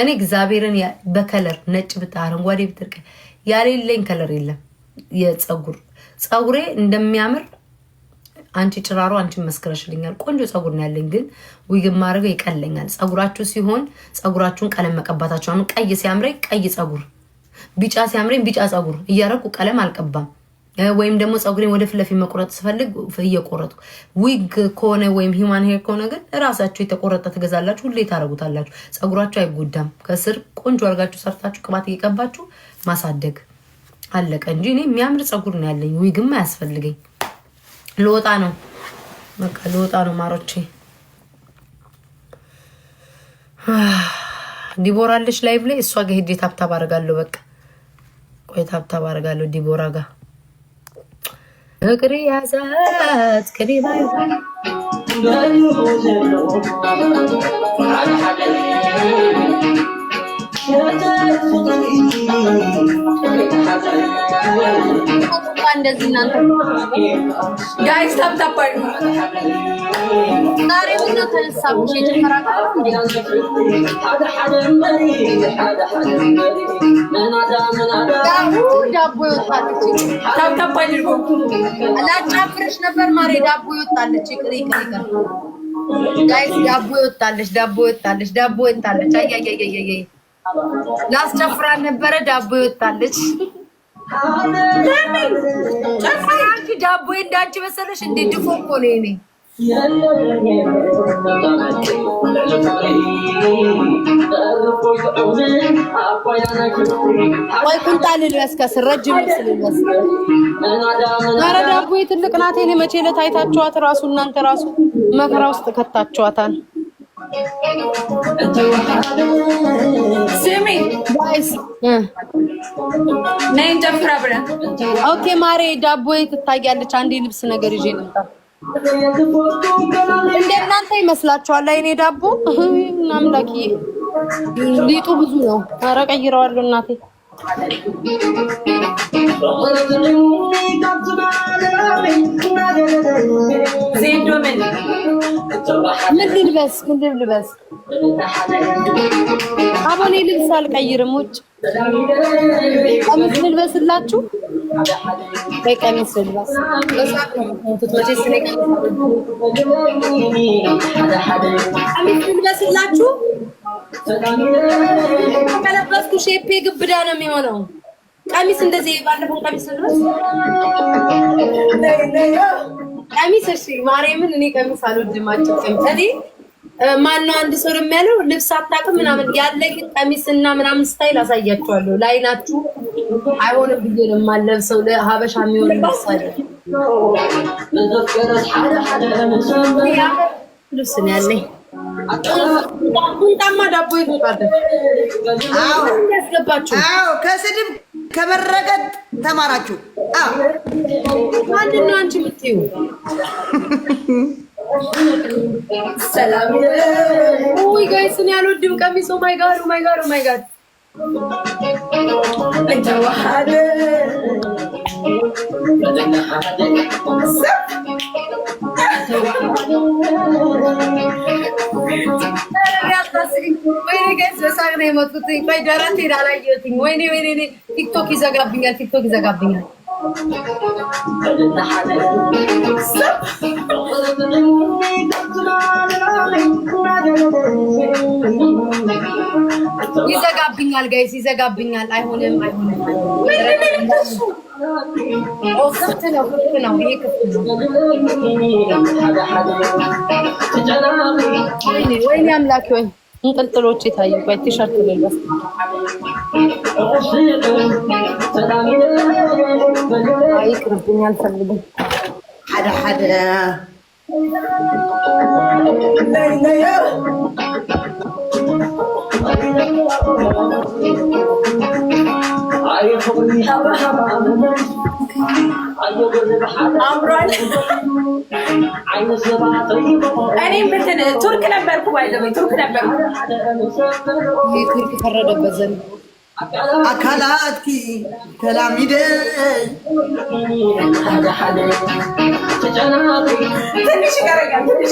እኔ እግዚአብሔርን በከለር ነጭ ብትል አረንጓዴ ብትል ያሌለኝ ከለር የለም። የፀጉር ፀጉሬ እንደሚያምር አንቺ ጭራሮ አንቺ መስክረሽልኛል። ቆንጆ ፀጉር ነው ያለኝ፣ ግን ዊግ ማድረገው ይቀለኛል። ፀጉራችሁ ሲሆን ፀጉራችሁን ቀለም መቀባታችሁ። አሁን ቀይ ሲያምረኝ ቀይ ፀጉር፣ ቢጫ ሲያምረኝ ቢጫ ፀጉር እያረኩ ቀለም አልቀባም። ወይም ደግሞ ፀጉሬን ወደ ለፊት መቆረጥ ስፈልግ እየቆረጥኩ ዊግ ከሆነ ወይም ሂማን ሄር ከሆነ ግን እራሳችሁ የተቆረጠ ትገዛላችሁ፣ ሁሌ ታደርጉታላችሁ። ፀጉራችሁ አይጎዳም። ከስር ቆንጆ አድርጋችሁ ሰርታችሁ ቅባት እየቀባችሁ ማሳደግ አለቀ እንጂ እኔ የሚያምር ፀጉር ነው ያለኝ። ዊግም አያስፈልገኝ። ልወጣ ነው፣ በቃ ልወጣ ነው ማሮቼ። ዲቦራለች ላይቭ ላይ እሷ ጋር ሄጄ ታብታብ አደርጋለሁ። በቃ ቆይ ታብታብ አደርጋለሁ ዲቦራ ጋር ፍቅር ያዛት ከሌላ ይሆን እንደዚህ እናንተ ጋይስ ታብታባል ዛሬ ምን ተነሳብሽ? የተፈራቀለ ዳቦ ላጫፍርሽ ነበር ማሬ። ዳቦ ይወጣለች። ቅሪ ቅሪ ቅሪ ጋይስ ዳቦ ይወጣለች። ዳቦ ይወጣለች። ዳቦ ይወጣለች። አያያያያያ ላስጨፍራን ነበረ ዳቦ ይወጣለች። ጨፍራንክ ዳቦ እንዳንቺ መሰለሽ እንዴ? ድፎ እኮ ነው ወይ ቁንጣ ከስር ረጅም ልብስ ኧረ ትልቅ ናት። የኔ መቼ ዕለት አይታችኋት እናንተ ራሱ መከራ ውስጥ ከታችኋታል። ኦኬ ማሬ ዳቦ ትታያለች። አንዴ ልብስ ነገር ይዤ ልምጣ። እንደ እናንተ ይመስላችኋል? አይኔ ዳቦ አምላኪ ሊጡ ብዙ ነው። ኧረ ቀይረዋለሁ እናቴ ዜዶ ምን ምን ልልበስ? ምን ልልበስ? አቦኔ ልብስ አልቀይርም። ውጭ ቀሚስ ልልበስላችሁ? ቀሚስ ልልበስ። ቀሚስ ልልበስላችሁ? ከለበስኩ ሼፔ ግብዳ ነው የሚሆነው። ቀሚስ እንደዚህ ባለፈው ቀሚስ ልበስ ቀሚስ እሺ፣ ማርያምን እኔ ቀሚስ አልወድም። አጭቀም እኔ ማነው አንድ ሰው የሚያለው ልብስ አታውቅም ምናምን ያለ ግን ቀሚስና ምናምን ስታይል አሳያችኋለሁ። ለዓይናችሁ አይሆንም ብዬ ነው የማለብሰው። ለሀበሻ የሚሆን ልብስ ልብስ ያለኝ። ቁንጣማ ዳቦ ይወጣል። አዎ ያስገባችሁ። አዎ ከስድብ ከበረከት ተማራችሁ። ማንድነው አንቺ የምትይው? ሰላም ወይ ጋይስ፣ እኔ አልወድም ቀሚስ። ማይ ጋድ ማይ ጋድ ማይ ጋድ ተዋሃደ ወይኔ ጋይስ በሳቅ ነው የመጡት። ወይኔ ወይኔ፣ ይዘጋብኛል፣ ቲክቶክ ይዘጋብኛል። ጋይስ ይዘጋብኛል። አይሆንም አይሆንም፣ ክፍት ነው ክፍት ነው ይሄ ክፍት ነው። ወይኔ አምላክ ወይ እንጥልጥሎች የታዩበት ቲሸርት ልልበስ። ይቅርብኝ፣ አልፈልግም። ሓደ ሓደ አምሯል። እኔ ቱርክ ነበርኩ ባይዘበኝ ቱርክ ፈረደበት ዘንድ አካላት ተላሚደ ትንሽ ይቀረኛል